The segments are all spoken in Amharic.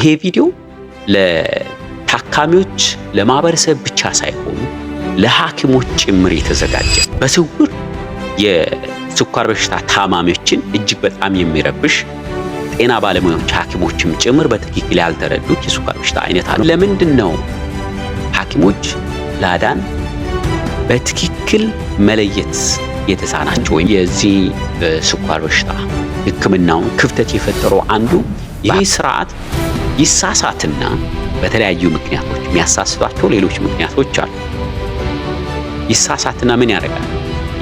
ይሄ ቪዲዮ ለታካሚዎች ለማህበረሰብ ብቻ ሳይሆኑ ለሐኪሞች ጭምር የተዘጋጀ በስውር የስኳር በሽታ ታማሚዎችን እጅግ በጣም የሚረብሽ ጤና ባለሙያዎች ሐኪሞችም ጭምር በትክክል ያልተረዱት የስኳር በሽታ አይነት አለ። ለምንድን ነው ሐኪሞች ላዳን በትክክል መለየት የተሳናቸው? ወይም የዚህ ስኳር በሽታ ሕክምናውን ክፍተት የፈጠረው አንዱ ይህ ስርዓት ይሳሳትና በተለያዩ ምክንያቶች የሚያሳስባቸው ሌሎች ምክንያቶች አሉ። ይሳሳትና ምን ያደርጋል?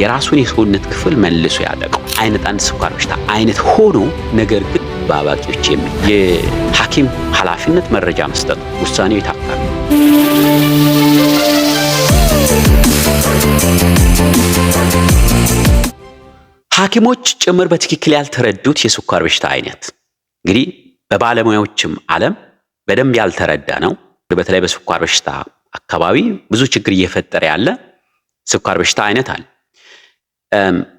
የራሱን የሰውነት ክፍል መልሶ ያጠቀው አይነት አንድ ስኳር በሽታ አይነት ሆኖ ነገር ግን በአዋቂዎች የሚል የሐኪም ኃላፊነት መረጃ መስጠት ውሳኔው ይታካል። ሐኪሞች ጭምር በትክክል ያልተረዱት የስኳር በሽታ አይነት እንግዲህ በባለሙያዎችም ዓለም በደንብ ያልተረዳ ነው። በተለይ በስኳር በሽታ አካባቢ ብዙ ችግር እየፈጠረ ያለ ስኳር በሽታ አይነት አለ።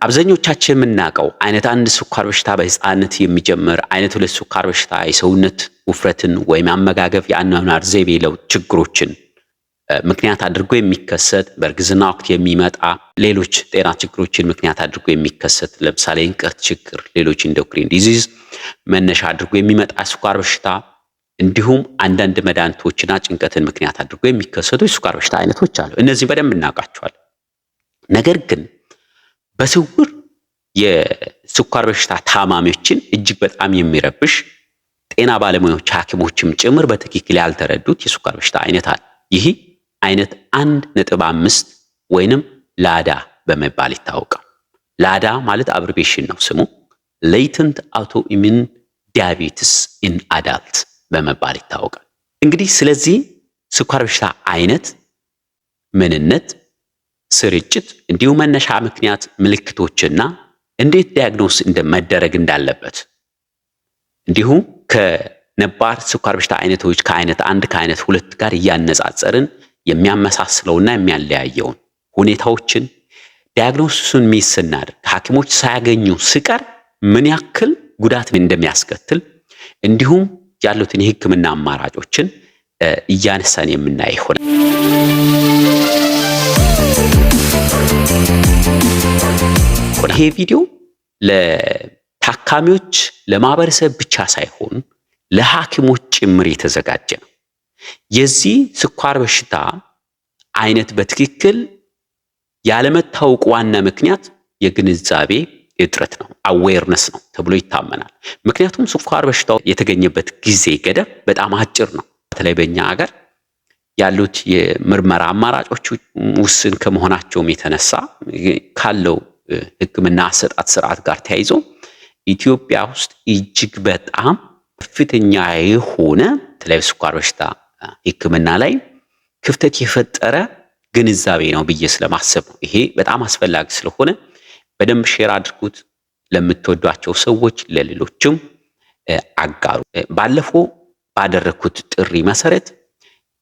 አብዛኞቻችን የምናውቀው አይነት አንድ ስኳር በሽታ በህፃነት የሚጀምር አይነት ሁለት ስኳር በሽታ የሰውነት ውፍረትን ወይም አመጋገብ የአኗኗር ዘይቤ ለውጥ ችግሮችን ምክንያት አድርጎ የሚከሰት በእርግዝና ወቅት የሚመጣ ሌሎች ጤና ችግሮችን ምክንያት አድርጎ የሚከሰት ለምሳሌ እንቅርት ችግር፣ ሌሎች ኢንዶክሪን ዲዚዝ መነሻ አድርጎ የሚመጣ ስኳር በሽታ እንዲሁም አንዳንድ መድኃኒቶችና ጭንቀትን ምክንያት አድርጎ የሚከሰቱ የስኳር በሽታ አይነቶች አሉ። እነዚህ በደንብ እናውቃቸዋለን። ነገር ግን በስውር የስኳር በሽታ ታማሚዎችን እጅግ በጣም የሚረብሽ ጤና ባለሙያዎች ሐኪሞችም ጭምር በትክክል ያልተረዱት የስኳር በሽታ አይነት አለ። ይህ አይነት አንድ ነጥብ አምስት ወይንም ላዳ በመባል ይታወቃል። ላዳ ማለት አብርቤሽን ነው ስሙ። ሌይተንት አውቶ ኢሚን ዲያቤትስ ኢን አዳልት በመባል ይታወቃል። እንግዲህ ስለዚህ ስኳር በሽታ አይነት፣ ምንነት፣ ስርጭት እንዲሁም መነሻ ምክንያት፣ ምልክቶችና እንዴት ዲያግኖስ እንደመደረግ እንዳለበት እንዲሁም ከነባር ስኳር በሽታ አይነቶች ከአይነት አንድ ከአይነት ሁለት ጋር እያነጻጸርን የሚያመሳስለውና የሚያለያየውን ሁኔታዎችን ዲያግኖሲሱን ሚስ ስናደርግ ሐኪሞች ሳያገኙ ስቀር ምን ያክል ጉዳት እንደሚያስከትል እንዲሁም ያሉትን የህክምና አማራጮችን እያነሳን የምናይ ይሆናል። ይሄ ቪዲዮ ለታካሚዎች ለማህበረሰብ ብቻ ሳይሆን ለሐኪሞች ጭምር የተዘጋጀ ነው። የዚህ ስኳር በሽታ አይነት በትክክል ያለመታወቅ ዋና ምክንያት የግንዛቤ እጥረት ነው፣ አዌርነስ ነው ተብሎ ይታመናል። ምክንያቱም ስኳር በሽታው የተገኘበት ጊዜ ገደብ በጣም አጭር ነው። በተለይ በእኛ ሀገር ያሉት የምርመራ አማራጮች ውስን ከመሆናቸውም የተነሳ ካለው ሕክምና አሰጣጥ ስርዓት ጋር ተያይዞ ኢትዮጵያ ውስጥ እጅግ በጣም ከፍተኛ የሆነ የተለያዩ ስኳር በሽታ ሕክምና ላይ ክፍተት የፈጠረ ግንዛቤ ነው ብዬ ስለማሰብ ነው። ይሄ በጣም አስፈላጊ ስለሆነ በደንብ ሼር አድርጉት ለምትወዷቸው ሰዎች፣ ለሌሎችም አጋሩ። ባለፈው ባደረግኩት ጥሪ መሰረት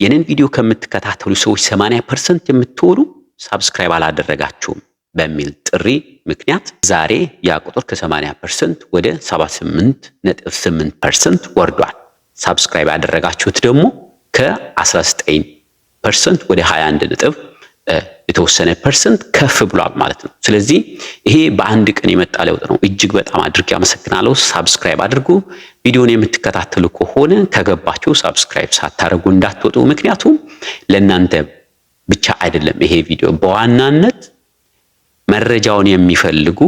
የኔን ቪዲዮ ከምትከታተሉ ሰዎች 80% የምትሆኑ ሳብስክራይብ አላደረጋችሁም በሚል ጥሪ ምክንያት ዛሬ ያ ቁጥር ከ80% ወደ 78.8% ወርዷል። ሳብስክራይብ ያደረጋችሁት ደግሞ ከ19 ፐርሰንት ወደ 21 ነጥብ የተወሰነ ፐርሰንት ከፍ ብሏል ማለት ነው። ስለዚህ ይሄ በአንድ ቀን የመጣ ለውጥ ነው። እጅግ በጣም አድርጌ አመሰግናለሁ። ሳብስክራይብ አድርጉ። ቪዲዮን የምትከታተሉ ከሆነ ከገባችሁ ሳብስክራይብ ሳታደርጉ እንዳትወጡ። ምክንያቱም ለእናንተ ብቻ አይደለም ይሄ ቪዲዮ በዋናነት መረጃውን የሚፈልጉ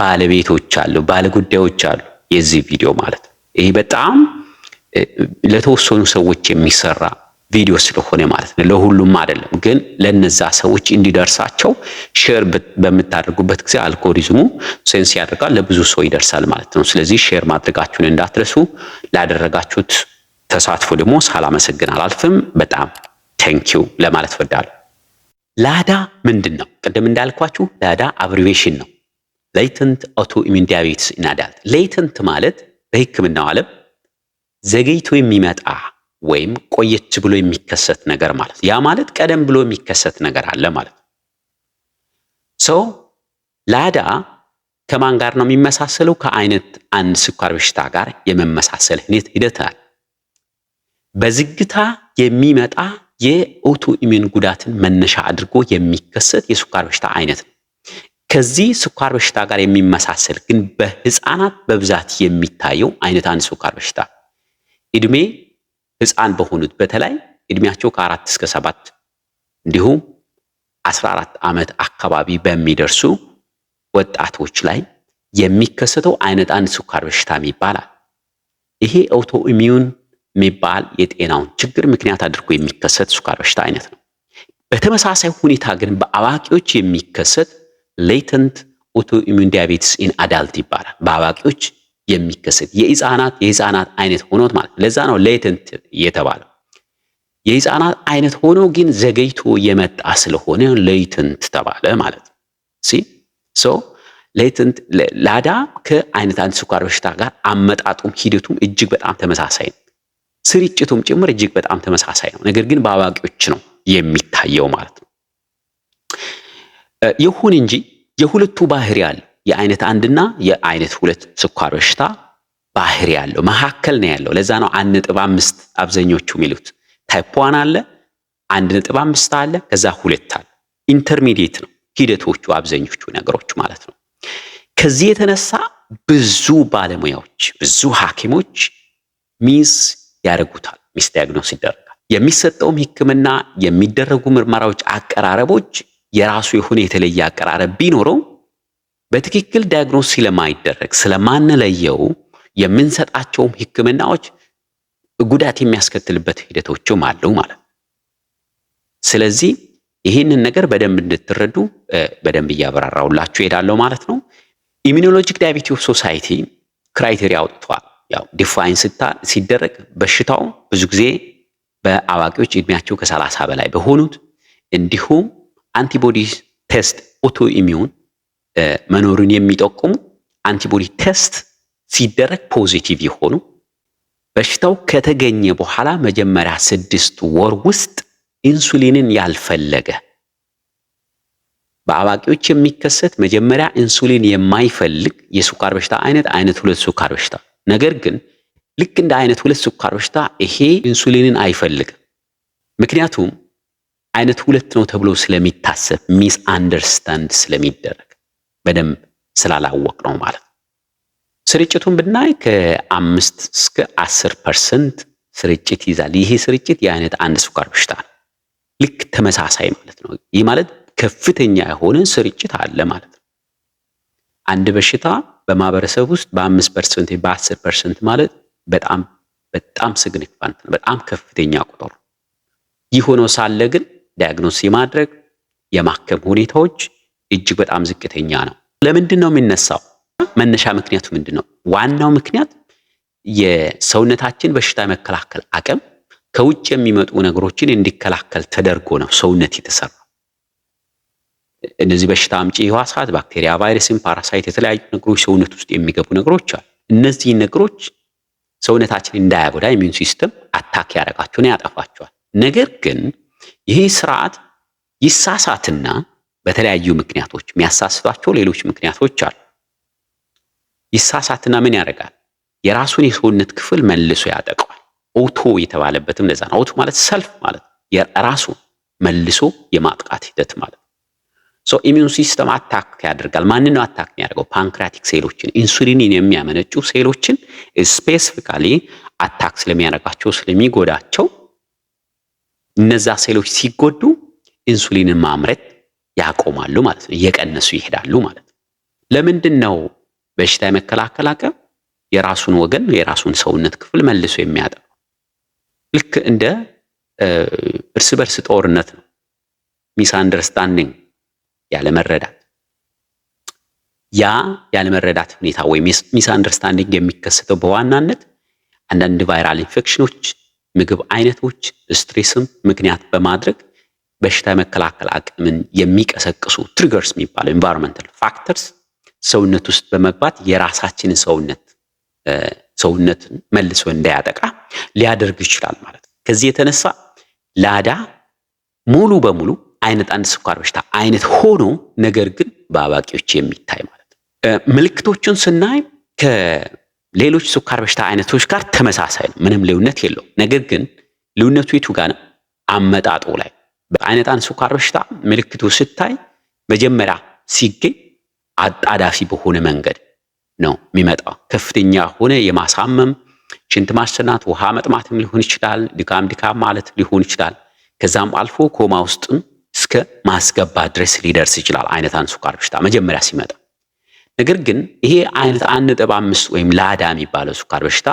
ባለቤቶች አሉ፣ ባለጉዳዮች አሉ የዚህ ቪዲዮ ማለት ነው። ይሄ በጣም ለተወሰኑ ሰዎች የሚሰራ ቪዲዮ ስለሆነ ማለት ነው። ለሁሉም አይደለም፣ ግን ለነዛ ሰዎች እንዲደርሳቸው ሼር በምታደርጉበት ጊዜ አልጎሪዝሙ ሴንስ ያደርጋል፣ ለብዙ ሰው ይደርሳል ማለት ነው። ስለዚህ ሼር ማድረጋችሁን እንዳትረሱ። ላደረጋችሁት ተሳትፎ ደግሞ ሳላመሰግን አላልፍም። በጣም ቴንኪዩ ለማለት ወዳለሁ። ላዳ ምንድን ነው? ቅድም እንዳልኳችሁ ላዳ አብሪቬሽን ነው። ሌተንት ኦቶ ኢሚዩን ዳያቤትስ ኢን አዳልት። ሌተንት ማለት በሕክምናው ዓለም ዘገይቶ የሚመጣ ወይም ቆየች ብሎ የሚከሰት ነገር ማለት ያ ማለት ቀደም ብሎ የሚከሰት ነገር አለ ማለት ነው። ሰው ላዳ ከማን ጋር ነው የሚመሳሰለው? ከአይነት አንድ ስኳር በሽታ ጋር የመመሳሰል ሂደት አለ። በዝግታ የሚመጣ የኦቶ ኢሚን ጉዳትን መነሻ አድርጎ የሚከሰት የስኳር በሽታ አይነት ነው። ከዚህ ስኳር በሽታ ጋር የሚመሳሰል ግን በህፃናት በብዛት የሚታየው አይነት አንድ ስኳር በሽታ እድሜ ህፃን በሆኑት በተለይ እድሜያቸው ከአራት እስከ ሰባት እንዲሁም አስራ አራት ዓመት አካባቢ በሚደርሱ ወጣቶች ላይ የሚከሰተው አይነት አንድ ስኳር በሽታ ይባላል። ይሄ ኦቶ ኢሚዩን የሚባል የጤናውን ችግር ምክንያት አድርጎ የሚከሰት ስኳር በሽታ አይነት ነው። በተመሳሳይ ሁኔታ ግን በአዋቂዎች የሚከሰት ሌተንት ኦቶ ኢሚዩን ዲያቤትስ ኢን አዳልት ይባላል። በአዋቂዎች የሚከሰት የህፃናት የህፃናት አይነት ሆኖት ማለት ለዛ ነው ሌተንት የተባለው። የህፃናት አይነት ሆኖ ግን ዘገይቶ የመጣ ስለሆነ ሌተንት ተባለ ማለት ነው። ሲ ሶ ሌተንት ላዳ ከአይነት አንድ ስኳር በሽታ ጋር አመጣጡም ሂደቱም እጅግ በጣም ተመሳሳይ ነው። ስርጭቱም ጭምር እጅግ በጣም ተመሳሳይ ነው። ነገር ግን በአዋቂዎች ነው የሚታየው ማለት ነው። ይሁን እንጂ የሁለቱ ባህሪ አለ። የአይነት አንድና የአይነት ሁለት ስኳር በሽታ ባህሪ ያለው መካከል ነው ያለው። ለዛ ነው አንድ ነጥብ አምስት አብዛኞቹ የሚሉት ታይፕ ዋን አለ አንድ ነጥብ አምስት አለ ከዛ ሁለት አለ። ኢንተርሚዲየት ነው ሂደቶቹ አብዛኞቹ ነገሮች ማለት ነው። ከዚህ የተነሳ ብዙ ባለሙያዎች ብዙ ሐኪሞች ሚስ ያደርጉታል። ሚስ ዲያግኖስ ይደረጋል። የሚሰጠውም ሕክምና የሚደረጉ ምርመራዎች፣ አቀራረቦች የራሱ የሆነ የተለየ አቀራረብ ቢኖረው በትክክል ዳያግኖስ ስለማይደረግ ስለማንለየው የምንሰጣቸውም ህክምናዎች ጉዳት የሚያስከትልበት ሂደቶችም አለው ማለት ነው። ስለዚህ ይህንን ነገር በደንብ እንድትረዱ በደንብ እያብራራውላችሁ ይሄዳለሁ ማለት ነው። ኢሚኖሎጂክ ዳያቤቲክ ሶሳይቲ ክራይቴሪያ አውጥቷል። ያው ዲፋይን ሲደረግ በሽታው ብዙ ጊዜ በአዋቂዎች እድሜያቸው ከሰላሳ በላይ በሆኑት እንዲሁም አንቲቦዲ ቴስት ኦቶ ኢሚዩን መኖሩን የሚጠቁሙ አንቲቦዲ ቴስት ሲደረግ ፖዚቲቭ የሆኑ በሽታው ከተገኘ በኋላ መጀመሪያ ስድስት ወር ውስጥ ኢንሱሊንን ያልፈለገ በአዋቂዎች የሚከሰት መጀመሪያ ኢንሱሊን የማይፈልግ የሱካር በሽታ አይነት አይነት ሁለት ሱካር በሽታ ነገር ግን ልክ እንደ አይነት ሁለት ሱካር በሽታ ይሄ ኢንሱሊንን አይፈልግም። ምክንያቱም አይነት ሁለት ነው ተብሎ ስለሚታሰብ ሚስ አንደርስታንድ ስለሚደረግ በደንብ ስላላወቅ ነው ማለት ነው። ስርጭቱን ብናይ ከአምስት እስከ አስር ፐርሰንት ስርጭት ይዛል። ይሄ ስርጭት የአይነት አንድ ስኳር በሽታ ነው። ልክ ተመሳሳይ ማለት ነው። ይህ ማለት ከፍተኛ የሆነ ስርጭት አለ ማለት ነው። አንድ በሽታ በማህበረሰብ ውስጥ በአምስት ፐርሰንት በአስር ፐርሰንት ማለት በጣም በጣም ሲግኒፊካንት ነው። በጣም ከፍተኛ ቁጥር ይህ ሆኖ ሳለ ግን ዳያግኖስ የማድረግ የማከም ሁኔታዎች እጅግ በጣም ዝቅተኛ ነው። ለምንድን ነው የሚነሳው? መነሻ ምክንያቱ ምንድን ነው? ዋናው ምክንያት የሰውነታችን በሽታ የመከላከል አቅም ከውጭ የሚመጡ ነገሮችን እንዲከላከል ተደርጎ ነው ሰውነት የተሰራ እነዚህ በሽታ አምጪ ህዋሳት ባክቴሪያ፣ ቫይረስን፣ ፓራሳይት የተለያዩ ነገሮች ሰውነት ውስጥ የሚገቡ ነገሮች አሉ። እነዚህ ነገሮች ሰውነታችን እንዳያጎዳ ኢሚዩን ሲስተም አታክ ያደረጋቸውን ያጠፋቸዋል። ነገር ግን ይህ ስርዓት ይሳሳትና በተለያዩ ምክንያቶች የሚያሳስባቸው ሌሎች ምክንያቶች አሉ። ይሳሳትና ምን ያደርጋል? የራሱን የሰውነት ክፍል መልሶ ያጠቀዋል። ኦቶ የተባለበትም ለዛ ነው። ኦቶ ማለት ሰልፍ ማለት የራሱን መልሶ የማጥቃት ሂደት ማለት ሶ ኢሚዩን ሲስተም አታክ ያደርጋል። ማንን ነው አታክ የሚያደርገው? ፓንክሪያቲክ ሴሎችን ኢንሱሊንን የሚያመነጩ ሴሎችን ስፔሲፊካሊ አታክ ስለሚያደርጋቸው ስለሚጎዳቸው እነዛ ሴሎች ሲጎዱ ኢንሱሊንን ማምረት ያቆማሉ ማለት ነው። እየቀነሱ ይሄዳሉ ማለት ነው። ለምንድን ነው በሽታ የመከላከል አቅም የራሱን ወገን የራሱን ሰውነት ክፍል መልሶ የሚያጠፋው? ልክ እንደ እርስ በርስ ጦርነት ነው። ሚስ አንደርስታንዲንግ ያለመረዳት፣ ያ ያለመረዳት ሁኔታ ወይም ሚስ አንደርስታንዲንግ የሚከሰተው በዋናነት አንዳንድ ቫይራል ኢንፌክሽኖች፣ ምግብ አይነቶች፣ ስትሬስም ምክንያት በማድረግ በሽታ የመከላከል አቅምን የሚቀሰቅሱ ትሪገርስ የሚባለው ኤንቫይሮንመንታል ፋክተርስ ሰውነት ውስጥ በመግባት የራሳችንን ሰውነት ሰውነትን መልሶ እንዳያጠቃ ሊያደርግ ይችላል ማለት ነው። ከዚህ የተነሳ ላዳ ሙሉ በሙሉ አይነት አንድ ስኳር በሽታ አይነት ሆኖ ነገር ግን በአዋቂዎች የሚታይ ማለት ነው። ምልክቶቹን ስናይ ከሌሎች ስኳር በሽታ አይነቶች ጋር ተመሳሳይ ነው። ምንም ልዩነት የለውም። ነገር ግን ልዩነቱ የቱ ጋር ነው? አመጣጡ ላይ በአይነጣን ስኳር በሽታ ምልክቱ ስታይ መጀመሪያ ሲገኝ አጣዳፊ በሆነ መንገድ ነው የሚመጣው። ከፍተኛ ሆነ የማሳመም ሽንት ማሰናት፣ ውሃ መጥማትም ሊሆን ይችላል። ድካም ድካም ማለት ሊሆን ይችላል። ከዛም አልፎ ኮማ ውስጥም እስከ ማስገባት ድረስ ሊደርስ ይችላል። አይነጣን ስኳር በሽታ መጀመሪያ ሲመጣ ነገር ግን ይሄ አይነት አንድ ነጥብ አምስት ወይም ላዳ የሚባለው ስኳር በሽታ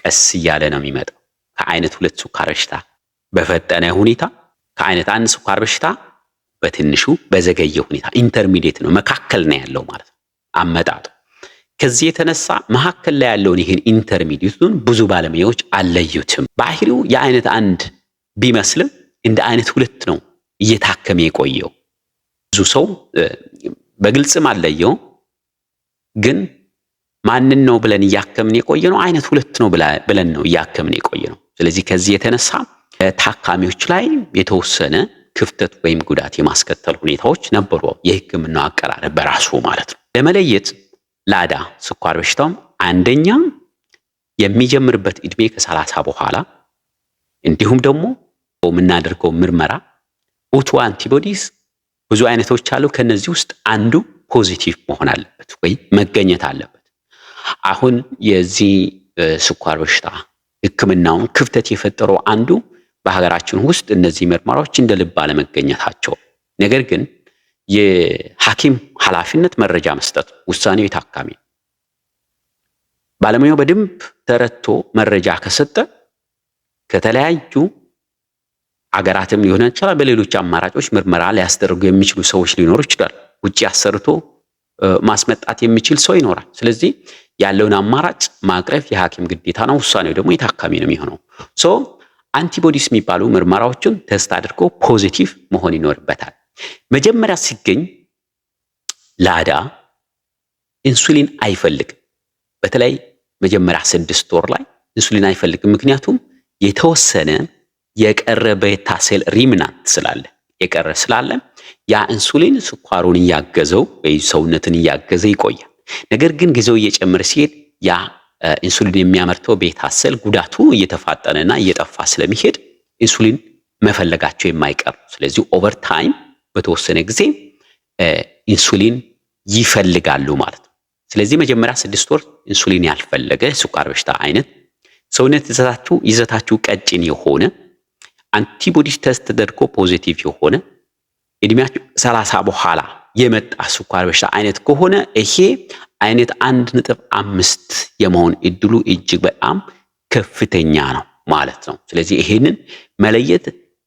ቀስ እያለ ነው የሚመጣው ከአይነት ሁለት ስኳር በሽታ በፈጠነ ሁኔታ ከአይነት አንድ ስኳር በሽታ በትንሹ በዘገየ ሁኔታ ኢንተርሚዲየት ነው፣ መካከል ነው ያለው ማለት ነው አመጣጡ። ከዚህ የተነሳ መካከል ላይ ያለውን ይህን ኢንተርሚዲየቱን ብዙ ባለሙያዎች አለዩትም ባህሪው የአይነት አንድ ቢመስልም እንደ አይነት ሁለት ነው እየታከመ የቆየው። ብዙ ሰው በግልጽም አለየው፣ ግን ማንን ነው ብለን እያከምን የቆየ ነው? አይነት ሁለት ነው ብለን ነው እያከምን የቆየ ነው። ስለዚህ ከዚህ የተነሳ ታካሚዎች ላይ የተወሰነ ክፍተት ወይም ጉዳት የማስከተል ሁኔታዎች ነበሩ። የህክምናው አቀራረብ በራሱ ማለት ነው። ለመለየት ላዳ ስኳር በሽታውም አንደኛ የሚጀምርበት እድሜ ከሰላሳ በኋላ እንዲሁም ደግሞ የምናደርገው ምርመራ ኦቶ አንቲቦዲስ ብዙ አይነቶች አሉ። ከነዚህ ውስጥ አንዱ ፖዚቲቭ መሆን አለበት ወይ መገኘት አለበት። አሁን የዚህ ስኳር በሽታ ህክምናውን ክፍተት የፈጠረው አንዱ በሀገራችን ውስጥ እነዚህ ምርመራዎች እንደ ልብ አለመገኘታቸው፣ ነገር ግን የሐኪም ኃላፊነት መረጃ መስጠት፣ ውሳኔው የታካሚ ባለሙያው በደንብ ተረድቶ መረጃ ከሰጠ ከተለያዩ አገራትም ሊሆን ይችላል። በሌሎች አማራጮች ምርመራ ሊያስደርጉ የሚችሉ ሰዎች ሊኖሩ ይችላል። ውጭ አሰርቶ ማስመጣት የሚችል ሰው ይኖራል። ስለዚህ ያለውን አማራጭ ማቅረብ የሐኪም ግዴታ ነው። ውሳኔው ደግሞ የታካሚ ነው የሚሆነው። አንቲቦዲስ የሚባሉ ምርመራዎችን ተስት አድርጎ ፖዚቲቭ መሆን ይኖርበታል። መጀመሪያ ሲገኝ ላዳ ኢንሱሊን አይፈልግም። በተለይ መጀመሪያ ስድስት ወር ላይ ኢንሱሊን አይፈልግም። ምክንያቱም የተወሰነ የቀረ ቤታ ሴል ሪምናንት ስላለ የቀረ ስላለ ያ ኢንሱሊን ስኳሩን እያገዘው ወይ ሰውነትን እያገዘ ይቆያል። ነገር ግን ጊዜው እየጨመረ ሲሄድ ያ ኢንሱሊን የሚያመርተው ቤታ ሴል ጉዳቱ እየተፋጠነና እየጠፋ ስለሚሄድ ኢንሱሊን መፈለጋቸው የማይቀር ስለዚህ ኦቨር ታይም በተወሰነ ጊዜ ኢንሱሊን ይፈልጋሉ ማለት ነው። ስለዚህ መጀመሪያ ስድስት ወር ኢንሱሊን ያልፈለገ ስኳር በሽታ አይነት ሰውነት ይዘታችሁ ይዘታችሁ ቀጭን የሆነ አንቲቦዲ ቴስት ተደርጎ ፖዚቲቭ የሆነ እድሜያችሁ ሰላሳ በኋላ የመጣ ስኳር በሽታ አይነት ከሆነ ይሄ አይነት አንድ ነጥብ አምስት የመሆን እድሉ እጅግ በጣም ከፍተኛ ነው ማለት ነው። ስለዚህ ይሄንን መለየት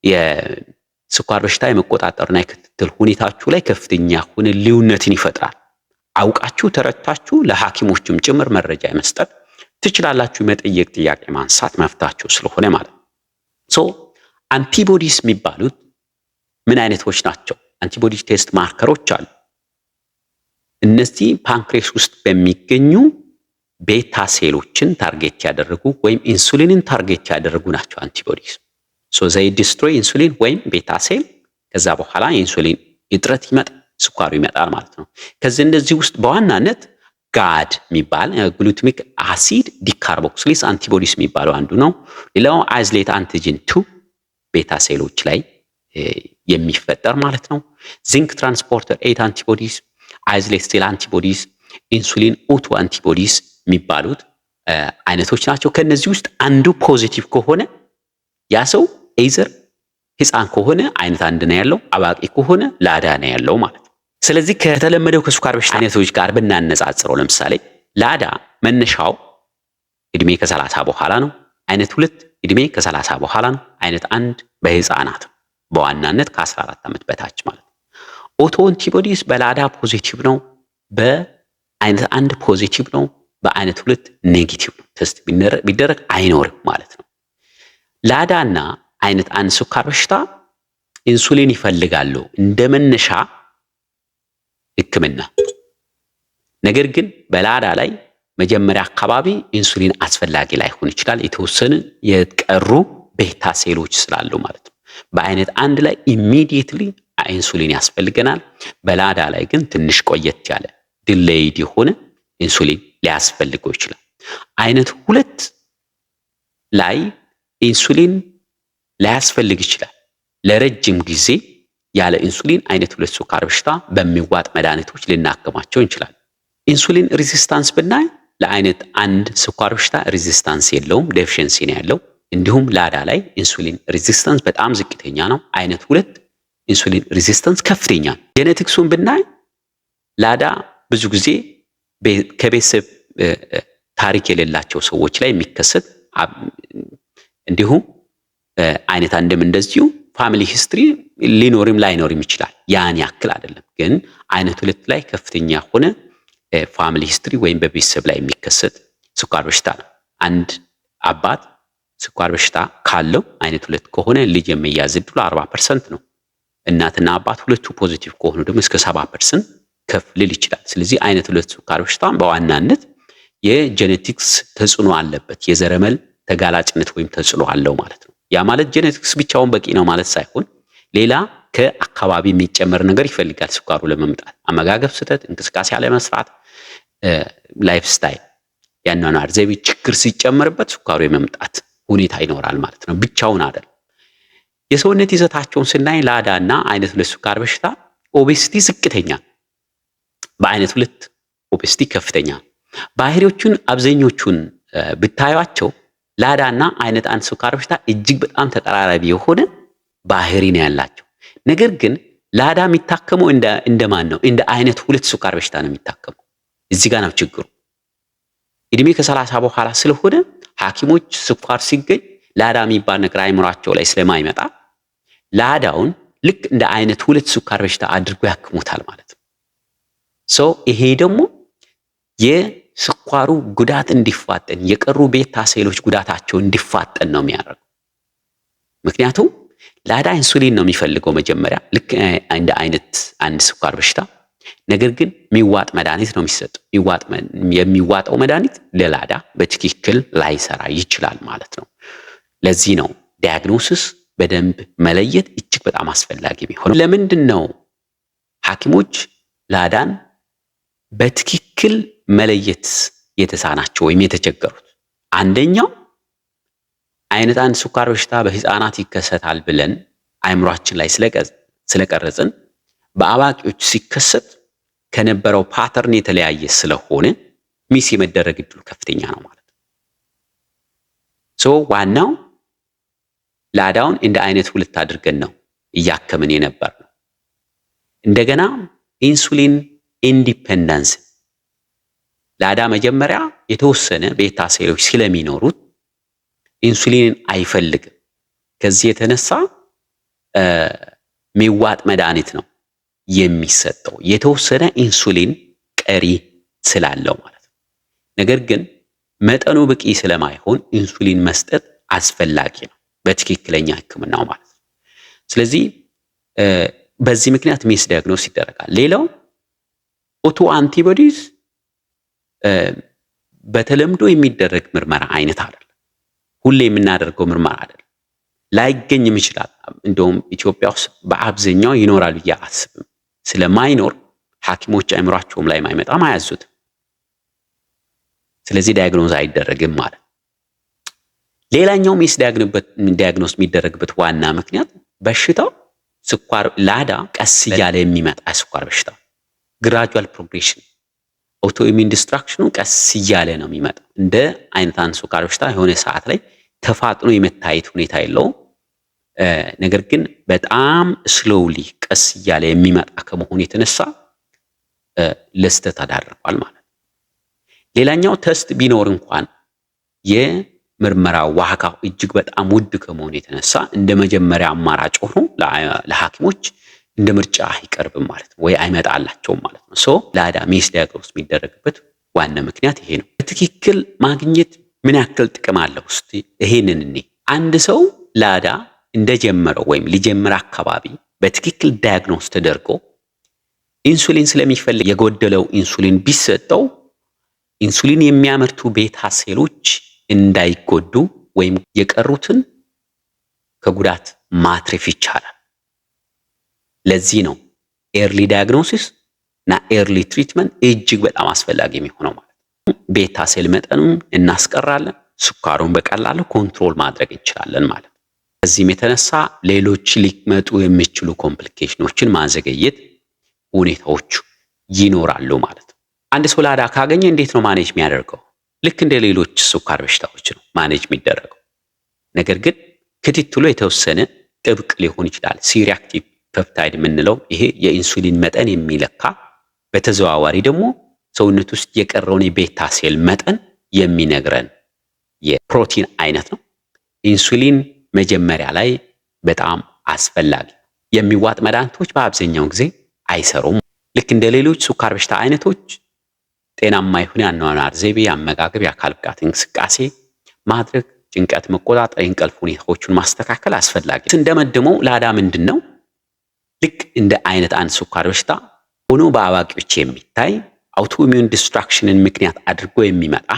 የስኳር በሽታ የመቆጣጠርና የክትትል ሁኔታችሁ ላይ ከፍተኛ ሆነ ልዩነትን ይፈጥራል። አውቃችሁ ተረድታችሁ ለሐኪሞችም ጭምር መረጃ የመስጠት ትችላላችሁ። መጠየቅ፣ ጥያቄ ማንሳት መፍታችሁ ስለሆነ ማለት ነው። ሶ አንቲቦዲስ የሚባሉት ምን አይነቶች ናቸው? አንቲቦዲ ቴስት ማርከሮች አሉ። እነዚህ ፓንክሬስ ውስጥ በሚገኙ ቤታ ሴሎችን ታርጌት ያደረጉ ወይም ኢንሱሊንን ታርጌት ያደረጉ ናቸው አንቲቦዲስ። ሶ ዘይ ዲስትሮይ ኢንሱሊን ወይም ቤታ ሴል። ከዛ በኋላ ኢንሱሊን እጥረት ይመጣል፣ ስኳሩ ይመጣል ማለት ነው። ከዚህ እንደዚህ ውስጥ በዋናነት ጋድ የሚባል ግሉትሚክ አሲድ ዲካርቦክስሊስ አንቲቦዲስ የሚባለው አንዱ ነው። ሌላው አይዝሌት አንቲጂን ቱ ቤታ ሴሎች ላይ የሚፈጠር ማለት ነው። ዚንክ ትራንስፖርተር ኤት አንቲቦዲስ አይዝሌስቴል አንቲቦዲስ፣ ኢንሱሊን ኦቶ አንቲቦዲስ የሚባሉት አይነቶች ናቸው። ከነዚህ ውስጥ አንዱ ፖዚቲቭ ከሆነ ያ ሰው ኤዘር ህፃን ከሆነ አይነት አንድ ነው ያለው፣ አዋቂ ከሆነ ላዳ ነው ያለው ማለት ነው። ስለዚህ ከተለመደው ከስኳር በሽታ አይነቶች ጋር ብናነጻጽረው ለምሳሌ ላዳ መነሻው እድሜ ከሰላሳ በኋላ ነው። አይነት ሁለት እድሜ ከሰላሳ በኋላ ነው። አይነት አንድ በህፃናት በዋናነት ከ14 ዓመት በታች ማለት ነው። ኦቶ አንቲቦዲስ በላዳ ፖዚቲቭ ነው፣ በአይነት አንድ ፖዚቲቭ ነው፣ በአይነት ሁለት ኔጌቲቭ ነው። ቴስት ቢደረግ አይኖርም ማለት ነው። ላዳ እና አይነት አንድ ስኳር በሽታ ኢንሱሊን ይፈልጋሉ እንደ መነሻ ህክምና ነገር ግን በላዳ ላይ መጀመሪያ አካባቢ ኢንሱሊን አስፈላጊ ላይሆን ይችላል፣ የተወሰነ የቀሩ ቤታ ሴሎች ስላሉ ማለት ነው። በአይነት አንድ ላይ ኢሚዲየትሊ ኢንሱሊን ያስፈልገናል። በላዳ ላይ ግን ትንሽ ቆየት ያለ ድሌይድ የሆነ ኢንሱሊን ሊያስፈልገው ይችላል። አይነት ሁለት ላይ ኢንሱሊን ላያስፈልግ ይችላል። ለረጅም ጊዜ ያለ ኢንሱሊን አይነት ሁለት ሱካር በሽታ በሚዋጥ መድኃኒቶች ልናከማቸው እንችላለን። ኢንሱሊን ሬዚስታንስ ብናይ ለአይነት አንድ ስኳር በሽታ ሬዚስታንስ የለውም፣ ዴፊሽንሲ ነው ያለው። እንዲሁም ላዳ ላይ ኢንሱሊን ሬዚስታንስ በጣም ዝቅተኛ ነው። አይነት ሁለት ኢንሱሊን ሪዚስተንስ ከፍተኛ ነው። ጄኔቲክሱን ብናይ ላዳ ብዙ ጊዜ ከቤተሰብ ታሪክ የሌላቸው ሰዎች ላይ የሚከሰት እንዲሁም አይነት አንድም እንደዚሁ ፋሚሊ ሂስትሪ ሊኖርም ላይኖርም ይችላል። ያን ያክል አይደለም ግን አይነት ሁለት ላይ ከፍተኛ የሆነ ፋሚሊ ሂስትሪ ወይም በቤተሰብ ላይ የሚከሰት ስኳር በሽታ ነው። አንድ አባት ስኳር በሽታ ካለው አይነት ሁለት ከሆነ ልጅ የመያዝ ዕድሉ 40 ፐርሰንት ነው። እናትና አባት ሁለቱ ፖዚቲቭ ከሆኑ ደግሞ እስከ ሰባ ፐርሰንት ከፍ ሊል ይችላል። ስለዚህ አይነት ሁለት ስኳር በሽታ በዋናነት የጄኔቲክስ ተጽዕኖ አለበት፣ የዘረመል ተጋላጭነት ወይም ተጽዕኖ አለው ማለት ነው። ያ ማለት ጄኔቲክስ ብቻውን በቂ ነው ማለት ሳይሆን ሌላ ከአካባቢ የሚጨመር ነገር ይፈልጋል። ስኳሩ ለመምጣት አመጋገብ ስህተት፣ እንቅስቃሴ አለመስራት፣ ላይፍ ስታይል ያኗኗር ዘይቤ ችግር ሲጨመርበት ስኳሩ የመምጣት ሁኔታ ይኖራል ማለት ነው። ብቻውን አይደለም። የሰውነት ይዘታቸውን ስናይ ላዳና አይነት ሁለት ስኳር በሽታ ኦቤሲቲ ዝቅተኛ፣ በአይነት ሁለት ኦቤሲቲ ከፍተኛ። ባህሪዎቹን አብዛኞቹን ብታዩቸው ላዳና አይነት አንድ ስኳር በሽታ እጅግ በጣም ተጠራራቢ የሆነ ባህሪ ነው ያላቸው። ነገር ግን ላዳ የሚታከመው እንደማን ነው? እንደ አይነት ሁለት ስኳር በሽታ ነው የሚታከመው። እዚህ ጋር ነው ችግሩ። እድሜ ከሰላሳ በኋላ ስለሆነ ሐኪሞች ስኳር ሲገኝ ላዳ የሚባል ነገር አይምሯቸው ላይ ስለማይመጣ ላዳውን ልክ እንደ አይነት ሁለት ስኳር በሽታ አድርጎ ያክሙታል ማለት ነው። ይሄ ደግሞ የስኳሩ ጉዳት እንዲፋጠን የቀሩ ቤታ ሴሎች ጉዳታቸው እንዲፋጠን ነው የሚያደርገው። ምክንያቱም ላዳ ኢንሱሊን ነው የሚፈልገው መጀመሪያ ልክ እንደ አይነት አንድ ስኳር በሽታ ነገር ግን የሚዋጥ መድኃኒት ነው የሚሰጠው። የሚዋጠው መድኃኒት ለላዳ በትክክል ላይሰራ ይችላል ማለት ነው። ለዚህ ነው ዲያግኖሲስ በደንብ መለየት እጅግ በጣም አስፈላጊ የሚሆነው ለምንድን ነው? ሐኪሞች ላዳን በትክክል መለየት የተሳናቸው ወይም የተቸገሩት አንደኛው አይነት አንድ ስኳር በሽታ በህፃናት ይከሰታል ብለን አይምሯችን ላይ ስለቀረጽን በአዋቂዎች ሲከሰት ከነበረው ፓተርን የተለያየ ስለሆነ ሚስ የመደረግ እድሉ ከፍተኛ ነው ማለት ነው። ሶ ዋናው ላዳውን እንደ አይነት ሁለት አድርገን ነው እያከምን የነበር ነው። እንደገና ኢንሱሊን ኢንዲፔንደንስ ላዳ መጀመሪያ የተወሰነ ቤታ ሴሎች ስለሚኖሩት ኢንሱሊንን አይፈልግም። ከዚህ የተነሳ ሚዋጥ መድኃኒት ነው የሚሰጠው የተወሰነ ኢንሱሊን ቀሪ ስላለው ማለት ነው። ነገር ግን መጠኑ በቂ ስለማይሆን ኢንሱሊን መስጠት አስፈላጊ ነው። በትክክለኛ ህክምናው ማለት ነው። ስለዚህ በዚህ ምክንያት ሚስ ዲያግኖስ ይደረጋል። ሌላው ኦቶ አንቲቦዲስ በተለምዶ የሚደረግ ምርመራ አይነት አይደለም። ሁሌ የምናደርገው ምርመራ አይደለም። ላይገኝም ይችላል። እንደውም ኢትዮጵያ ውስጥ በአብዛኛው ይኖራል ብዬ አስብም። ስለማይኖር ሐኪሞች አይምሯቸውም ላይ ማይመጣም አያዙትም። ስለዚህ ዳያግኖዝ አይደረግም ማለት ነው። ሌላኛው የስ ዲያግኖስ የሚደረግበት ዋና ምክንያት በሽታው ስኳር ላዳ ቀስ እያለ የሚመጣ ስኳር በሽታ ግራጁዋል ፕሮግሬሽን ኦቶኢሚን ዲስትራክሽኑ ቀስ እያለ ነው የሚመጣ። እንደ አይነት አንድ ስኳር በሽታ የሆነ ሰዓት ላይ ተፋጥኖ የመታየት ሁኔታ የለውም። ነገር ግን በጣም ስሎውሊ ቀስ እያለ የሚመጣ ከመሆኑ የተነሳ ለስተት አዳርጓል ማለት ነው። ሌላኛው ተስት ቢኖር እንኳን ምርመራ ዋጋው እጅግ በጣም ውድ ከመሆኑ የተነሳ እንደ መጀመሪያ አማራጭ ሆኖ ለሐኪሞች እንደ ምርጫ አይቀርብም ማለት ነው ወይ አይመጣላቸውም ማለት ነው። ሶ ላዳ ሚስ ዳያግኖስ የሚደረግበት ዋና ምክንያት ይሄ ነው። በትክክል ማግኘት ምን ያክል ጥቅም አለው? እስቲ ይሄንን እኔ አንድ ሰው ላዳ እንደጀመረው ወይም ሊጀምር አካባቢ በትክክል ዳያግኖስ ተደርጎ ኢንሱሊን ስለሚፈልግ የጎደለው ኢንሱሊን ቢሰጠው ኢንሱሊን የሚያመርቱ ቤታ ሴሎች እንዳይጎዱ ወይም የቀሩትን ከጉዳት ማትረፍ ይቻላል። ለዚህ ነው ኤርሊ ዳያግኖሲስ እና ኤርሊ ትሪትመንት እጅግ በጣም አስፈላጊ የሚሆነው ማለት ነው። ቤታ ሴል መጠኑን እናስቀራለን፣ ስኳሩን በቀላሉ ኮንትሮል ማድረግ እንችላለን ማለት ነው። ከዚህም የተነሳ ሌሎች ሊመጡ የሚችሉ ኮምፕሊኬሽኖችን ማዘገየት ሁኔታዎች ይኖራሉ ማለት ነው። አንድ ሰው ላዳ ካገኘ እንዴት ነው ማኔጅ የሚያደርገው? ልክ እንደ ሌሎች ስኳር በሽታዎች ነው ማኔጅ የሚደረገው። ነገር ግን ክትትሉ የተወሰነ ጥብቅ ሊሆን ይችላል። ሲሪአክቲቭ ፐፕታይድ የምንለው ይሄ የኢንሱሊን መጠን የሚለካ በተዘዋዋሪ ደግሞ ሰውነት ውስጥ የቀረውን የቤታ ሴል መጠን የሚነግረን የፕሮቲን አይነት ነው። ኢንሱሊን መጀመሪያ ላይ በጣም አስፈላጊ የሚዋጥ መድኃኒቶች በአብዛኛው ጊዜ አይሰሩም። ልክ እንደ ሌሎች ስኳር በሽታ አይነቶች ጤናማ የሆነ የአኗኗር ዘይቤ፣ አመጋገብ የአካል ብቃት እንቅስቃሴ ማድረግ፣ ጭንቀት መቆጣጠር፣ የእንቅልፍ ሁኔታዎቹን ማስተካከል አስፈላጊ እንደመድመው ላዳ ምንድን ነው ልክ እንደ አይነት አንድ ስኳር በሽታ ሆኖ በአዋቂዎች የሚታይ አውቶሚዩን ዲስትራክሽንን ምክንያት አድርጎ የሚመጣ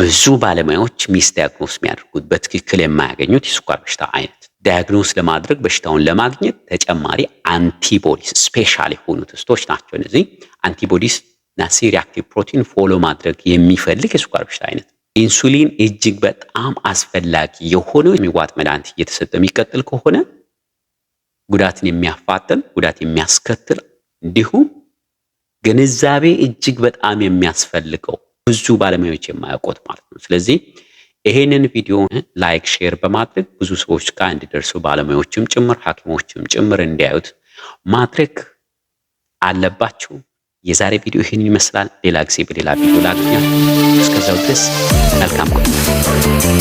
ብዙ ባለሙያዎች ሚስ ዲያግኖስ የሚያደርጉት በትክክል የማያገኙት የስኳር በሽታ አይነት ዲያግኖስ ለማድረግ በሽታውን ለማግኘት ተጨማሪ አንቲቦዲስ ስፔሻል የሆኑ ቴስቶች ናቸው። እነዚህ አንቲቦዲስ እና ሲ ፕሮቲን ፎሎ ማድረግ የሚፈልግ የስኳር በሽታ አይነት ኢንሱሊን እጅግ በጣም አስፈላጊ የሆነው የሚዋጥ መድኃኒት እየተሰጠ የሚቀጥል ከሆነ ጉዳትን የሚያፋጥን ጉዳት የሚያስከትል እንዲሁም ግንዛቤ እጅግ በጣም የሚያስፈልገው ብዙ ባለሙያዎች የማያውቁት ማለት ነው። ስለዚህ ይሄንን ቪዲዮ ላይክ፣ ሼር በማድረግ ብዙ ሰዎች ጋር እንዲደርሱ ባለሙያዎችም ጭምር ሐኪሞችም ጭምር እንዲያዩት ማድረግ አለባችሁ። የዛሬ ቪዲዮ ይህን ይመስላል። ሌላ ጊዜ በሌላ ቪዲዮ ላገኛችሁ። እስከዛው ድረስ መልካም ቆይታ